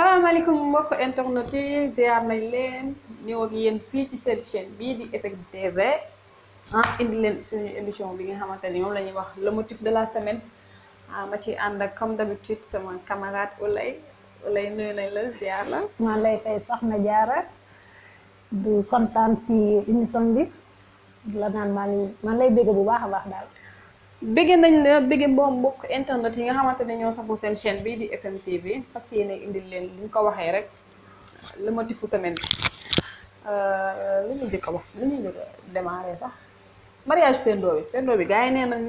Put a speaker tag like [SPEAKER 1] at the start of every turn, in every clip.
[SPEAKER 1] salaamaaleykum mbokk internet yi ziar nañ leen ñëw ak fii ci seen chaîne bii di Effect TV ah indi leen suñu émission bi nga xamante ni moom la wax le motif de la semaine ah, ma ci ànd ak comme d'habitude sama camarade Oulay Oulay nuyu nañ la ziar la. maa lay fay soxna Diarra du kontaan ci émission bi la naan maa ngi maa lay bëgg bu baax a baax daal. bëgg nañ la bëgg mboom mbokk internet yi nga xamante ne ñoo safu seen chaîne bi di FM TV fas yéene indil leen li ñu ko waxee rek le motifu semaine bi euh, li ñu jëkk a wax li ñu jëkk a sax mariage Pendo bi Pendo bi gars yi nee nañ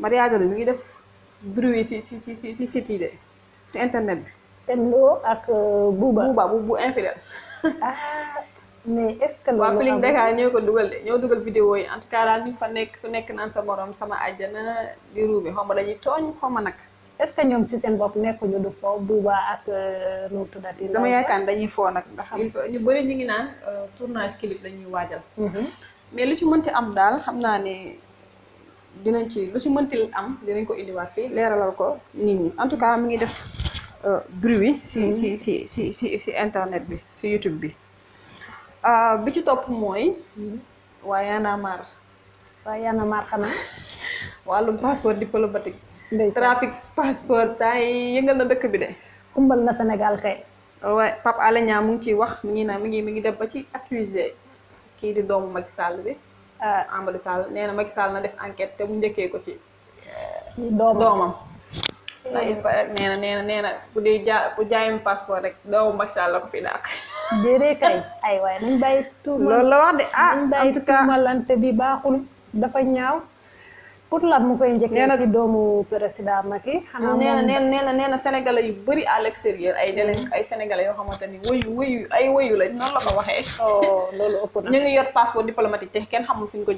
[SPEAKER 1] mariage bi mi ngi def bruit si si si si si site si internet bi. Pendo ak euh, Bouba Bouba bu bu infidèle. Ah. mais est ce que waa ñoo dugal vidéo yi en tout cas ñu fa nekk ku nekk naan sa sama àjjana di ruube xaw ma dañuy tooñ xaw ma nag. est ce que ñoom si seen bopp nekkuñu du foo Bouba ak euh, nu tuddati. dama yaakaar dañuy foo nag ndax ñu bëri ñu ngi naan euh, tournage clip lañuy waajal. Mm-hmm. mais lu ci mënti am daal xam naa ne dinañ ci lu ci mënti am dinañ ko indiwaat fii leeralal ko nit ñi en tout cas mi ngi def euh, bruit si si mm-hmm. si si si si internet bi si YouTube bi. Ah, bi ci topp mooy. Mhm. waaye Y'en a marre. waaye Y'en a marre xanaa. wàllum passeport diplomatique. ndeysa passeport temps yëngal na dëkk bi de. kumbal na Sénégal kay. waaye Pape Alé mu ngi ciy wax mi ngi naan mi ngi mi ngi def ba ci accusé kii di doomu Macky Sall bi. Ah. Amadou Sall nee na Macky Sall na def enquête te mu njëkkee ko ci. si doomam doomam. lain ko rek nee na nee ja bu jaayam rek doomu Macky Sall ko kay ay wax de ah en tout cas tuumalante bi baaxul dafa ñaaw pour lan mu koy njëkkee ci doomu président Macky xanaa nee na nee na yu bëri à l'extérieur ay délen hmm. ay sénégalais yoo xamante wuyu wuyu ay wuyu lañ noonu la ko waxee loolu ëpp na ñu ngi yor passeport diplomatique te kenn xamul ko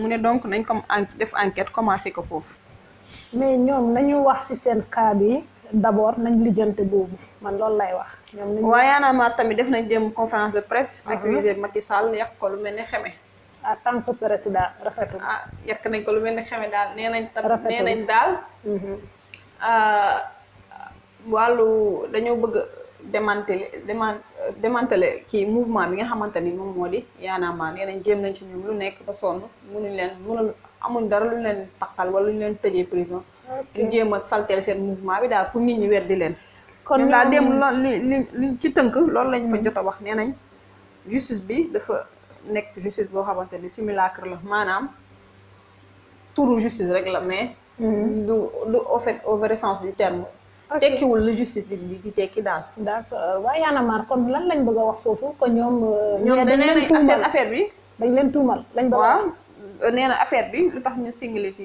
[SPEAKER 1] mu ne donc nañ def enquête commencé ko mais ñoom nañu wax ci seen cas bi d'abord nañ lijeenté boobu man loolu lay wax ñoom nañ wayana ma tamit def nañ dem conférence de presse ah. accuser Macky Sall yàq ko lu melni xamé ah, à tant que président rafetou ah yak nañ ko lu melni xamé dal nenañ tam nenañ dal nee euh walu dañu bëgg démanteler démanteler ki mouvement bi nga xamanteni mom modi yana ma nenañ jëm nañ ci ñoom lu nekk ba sonu mënuñ leen mënul amuñ dara luñ leen takkal wala luñ leen tëjee prison. ñu jéem a salteel seen mouvement bi daal pour nit ñi weddi leen.
[SPEAKER 2] kon ñoom daal dem lool
[SPEAKER 1] li li ci tënk loolu lañ fa hmm. jot a wax nee nañ justice bi dafa nekk justice boo xamante ni simulacre la maanaam turu justice rek la mais. lu hmm. du au fait au vrai sens du terme. tekkiwul la justice bi di di tekki daal. d' accord waaye Y'en kon lan lañ bëgg wax foofu que ñoom. Euh, ñoom dañ leen tuumal affaire bi. dañ leen tuumal lañ bëgg Euh, nee na affaire bi lu tax ñu single si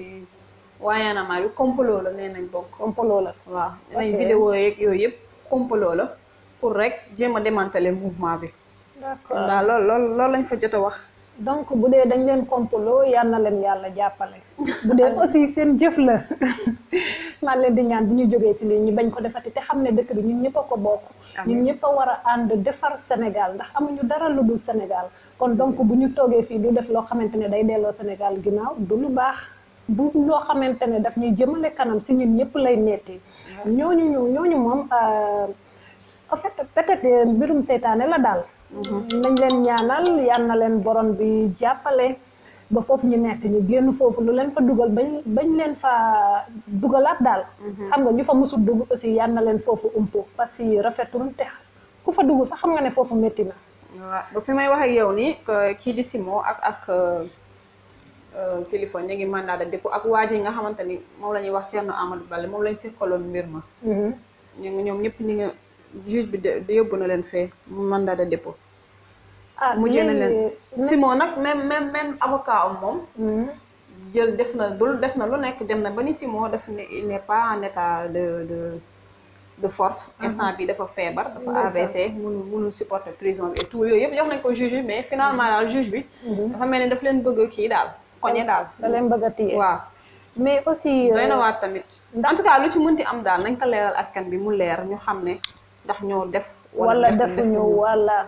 [SPEAKER 1] waayaanamaa bi complot la nee nañ bokk. complot la waaw nee nañ vidéo yeeg yooyu yëpp complot la pour rek jéem a démanteler mouvement bi. d'accord daal loolu loolu loolu lañ fa jot a wax. donc bu dee dañ leen complot yal na leen yàlla jàppale. bu aussi seen jëf la. maa leen di ñaan bu ñu jógee si lii ñu bañ ko defati té xamné dëkk bi ñun ñëpp ko bokk ñun ñëpp wara and défar Sénégal ndax amuñu dara lu dul Sénégal kon donc bu ñu toogee fii du def lo xamantene day délo Sénégal ginaaw du lu baax bu lo xamantene daf ñuy jëmele kanam ci ñun ñëpp lay metti ñoñu ñu ñoñu mom euh en fait peut-être mbirum seytaane la dal mhm. nañ leen ñaanal yal na leen borom bi jappalé ba fofu ñu nekk ñu genn fofu lu leen fa duggal bañ bañ leen fa dugalaat daal mhm. xam nga ñu fa musul dugg aussi yal na leen foofu umpo parce que rafetul te ku fa dugg sax xam nga ne fofu metti na waaw ba fi may wax ak yow ni kii di simo ak ak euh, kilifa ñi ngi mandat de dépôt ak waaji nga xamanteni ni moom la ñuy wax Thierno Amadou Balle moom lañ sekkaloon mbir ma mhm. ñoom ñëpp ñi nga juge bi yóbbu na leen fee mandat de dépôt ah mu jënd leen Simon nag même même même avocat am moom. Hmm. jël def na dul def na lu nekk dem na ba ni Simon def ne il n'est pas en de de. de force hmm. instant bi dafa feebar dafa AVC mënu mënul supporter prison bi et yooyu yëpp jox nañ ko juge bi mais finalement hmm. daal juge bi dafa mel ni daf leen bëgg kii daal koñe daal da leen bëgg a téye waaw mais aussi euh, doy na waat tamit en tout cas lu ci mënti am daal nañ ko leeral askan bi mu leer ñu xam ne ndax ñoo def wala defuñu wala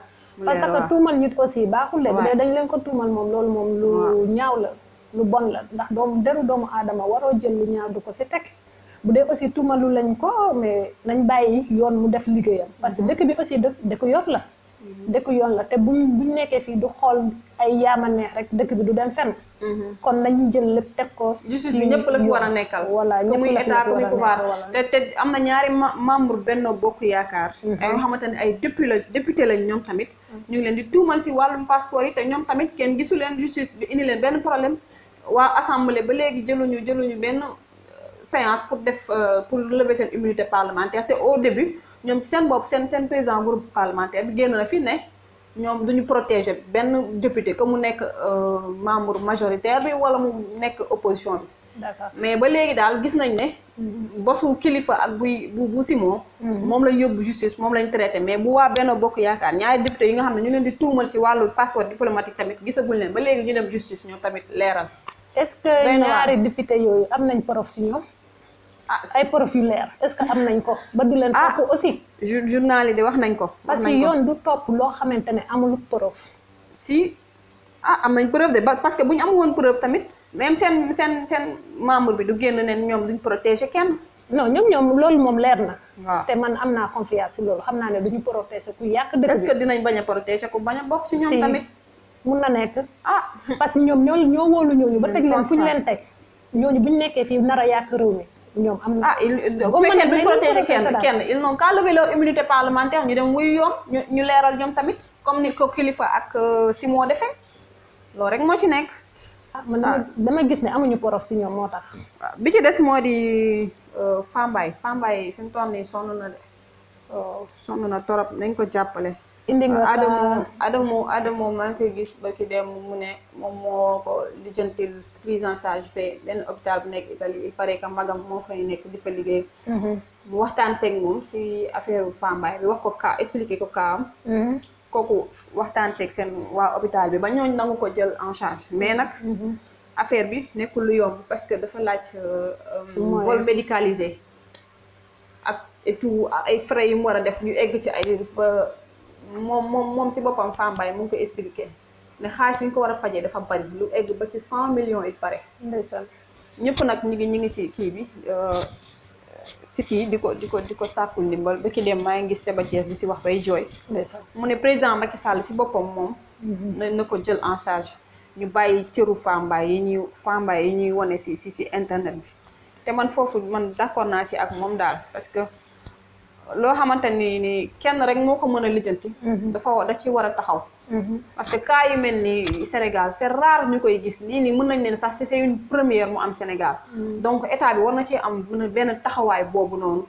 [SPEAKER 1] parce que tuumal nit aussi baaxul de. waaw dañ leen ko tuumal moom loolu moom. lu ñaaw la lu bon la ndax doomu deru doomu aadama waroo jël lu ñaaw du ko si teg. bu dee aussi tuumalu lañ ko mais nañ bàyyi yoon mu def liggéeyam. parce que mhm. dëkk bi aussi dëkk dëkk yor la. dëkk yoon la te bu buñ nekkee fii du xool ay yaama neex rek dëkk bi du dem fenn. Mhm. kon nañu jël lépp teg ko. justice bi ñëpp la fi war a nekkal. voilà ñëpp la fi war a nekkal muy muy pouvoir te am na ñaari membre Benno Bokk Yaakaar. Mhm. ay xamante ne ay député député lañ ñoom tamit. Mhm. ñu leen di tuumal si wàllum passeport yi te ñoom tamit kenn gisu leen justice bi indi leen benn problème waa assemblée ba léegi jëluñu jëluñu benn euh, séance pour def euh, pour lever seen immunité parlementaire te au début. ñoom ci seen bopp seen seen président groupe parlementaire bi génn na fi ne ñoom duñu protéger benn député que mu nekk euh, membre majoritaire bi wala mu nekk opposition bi d'accord mais ba léegi daal gis nañ ne bosu kilifa ak buy bu bu Simon hmm. moom lañ yóbbu justice moom lañ traité mais bu waa benn bokk yaakaar ñaari député yi nga xam ne ñu leen di tuumal ci wàllu passeport diplomatique tamit gisaguñ leen ba léegi ñu dem justice ñoom tamit leeral est-ce que ñaari député yooyu am nañ prof si ñoom Ah, ay profil leer est-ce que am nañ ko ba du leen topp ah, aussi journal yi di wax nañ ko parce que yoon du topp loo xamante ne amul preuve si ah am nañ preuve de parce que bu am woon preuve tamit même seen seen seen membre bi du génn ne ñoom duñ protéger kenn non ñoom ñoom loolu moom leer na waaw te man am naa confiance si loolu xam naa ne duñu protéger ku yàq dëkk bi est-ce dinañ bañ a protéger ku bañ a bokk ci ñoom tamit mun na nekk ah parce que ñoom ñoo ñoo wóolu ñooñu ba teg leen fu leen teg ñooñu bu nekkee fii nar a yàq réew mi ñoom am na. ah bu fekkee duñ protéger kenn kenn ils n'ont qu'à lever leur immunité parlementaire ñu dem wuyu yoon ñu ñu leeral ñoom tamit comme ni ko kilifa ak euh, si moo defee loolu rek moo ci nekk. ah man dama ah. gis ne amuñu porof si ñoom moo tax. Ah, bi ci des moo di euh, Fambaye Fambaye fi mu toll nii sonn na de oh, sonn na torop nañ ko jàppale. indi nga Adamu Adamu Adamu maa ngi koy gis ba ki dem mu ne moom moo ko lijjantil prise en charge fee benn hôpital bu nekk Italie il paraît que magam moo fay nekk di fa liggéey. Mhm. mu waxtaan seeg si affaire Fambaye bi wax ko ka expliqué ko kaam. Mhm. kooku waxtaan seeg seen waa hôpital bi ba ñooñ nangu ko jël en charge mais nag. Mhm. affaire bi nekkul lu yomb parce que dafa laaj. Euh, vol médicalisé. ak et ay frais yu mu war a def ñu egg ci ay ba. moom moom moom si boppam Fambaye mu ngi ko expliqué ne xaalis bi ñu ko war a fajee dafa bari lu egg ba ci cent millions it pare. ndeysaan ñëpp nag ñu ngi ñu ngi ci kii bi euh, site yi di ko di di ko sàkkul ndimbal ba ki dem maa ngi gis ca ba Thiès di si wax bay jooy. mu ne président Macky Sall si boppam moom. Mm-hmm. na na ko jël en charge. ñu bàyyi cëru Fambaye yi ñuy Fambaye yi ñuy wane si si si internet bi te man foofu man d'accord naa si ak moom daal parce que. loo xamante ni ni kenn rek moo ko mën a lijjanti. Mhm. dafa da ci war a taxaw. Mhm. parce que cas yu mel ni Sénégal c'est rare ñu koy gis nii nii mun nañ leen sax c'est une première mu am Sénégal. Mhm. donc état bi war na ci am mën benn taxawaay boobu noonu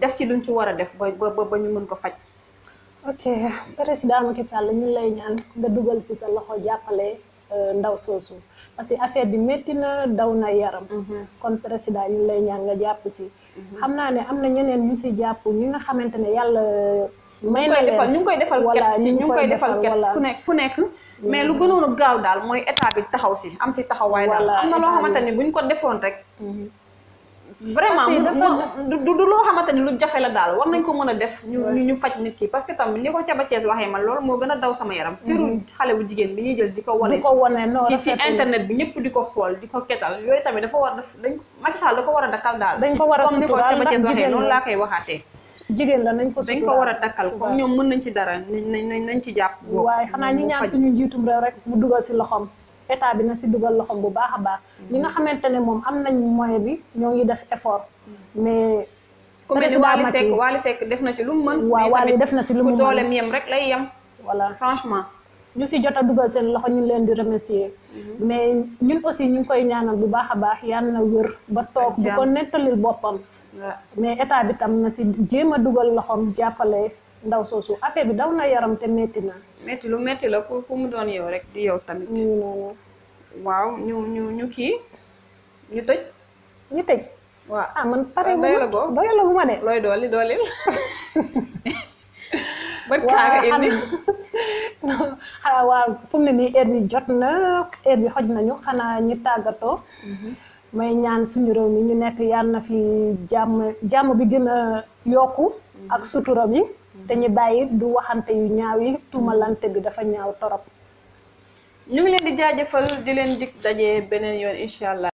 [SPEAKER 1] def ci luñ ci war a def ba ba ba ñu mën ko faj. ok président ki Sall ñu lay ñaan nga dugal ci sa loxo jàppale. Euh, ndaw soosu parce que affaire bi métti na daw na yaram. Mhm. kon président ñu lay ñaan nga jàpp si. Mhm. xam naa ne am na ñeneen ñu si jàpp ñi nga xamante ne yàlla. Euh, may na leen ñu ngi koy defal ñu ngi koy defal ket fu nekk fu nekk. Mhm. mais lu gënoon gaaw daal mooy état bi taxaw si am si taxawaay daal am na loo xamante ne buñ ko defoon rek. vraiment du du loo xamante ni lu jafe la daal war nañ ko mën a def ñu ñu faj nit ki parce que tam ni ko Caba Thiès waxee ma loolu moo gën a daw sama yaram cëru mm-hmm. xale bu jigéen bi ñuy jël di ko wane si si internet bi ñëpp di ko xool di ko ketal yooyu tamit dafa war daf dañ Macky Sall da ko war a dakkal daal dañ ko war a comme ni ko Caba Thiès laa koy waxaatee jigéen la nañ ko dañ ko war a takkal comme ñoom mën nañ ci dara nañ nañ nañ ci jàpp waaye xanaa ñi ñaan suñu njiitum rek mu dugal si loxoom état bi na si dugal loxoom bu baax a baax mm-hmm. ñi nga xamante ne moom am nañ moyen bi ñoo ngi def effort mm-hmm. mais ku mel ni Wally Seck Wally def na ci lu mu mën waaw Wally def na si lu mu mën dooleem yem rek lay yem voilà franchement ñu si jot a dugal seen loxo ñu leen di remercier mm-hmm. mais ñun aussi ñu ngi koy ñaanal bu baax a baax yal na wér ba toog bu ko nettalil boppam mais état bi tam na si jéem a dugal loxoom jàppale ndaw soosu affaire bi daw na yaram te metti na metti lu metti la ku ku mu doon yow rek di yow tamit mm, noonu waaw ñu ñu ñu kii ñu tëj ñu tëj waaw ah man pare doyala bu ma de looy dooli doolil bët kaa nga indi xanaa waaw fu mu ne nii jot na heure bi xoj nañu xanaa ñu tàggatoo mhm. may ñaan suñu réew mi ñu nekk fi bi yokku mhm. ak sutura bi dañu bàyyi du waxante yu ñaaw yi tuumalante bi dafa ñaaw torop ñu ngi leen di jaajëfal di leen dikk daje beneen yoon incha allah.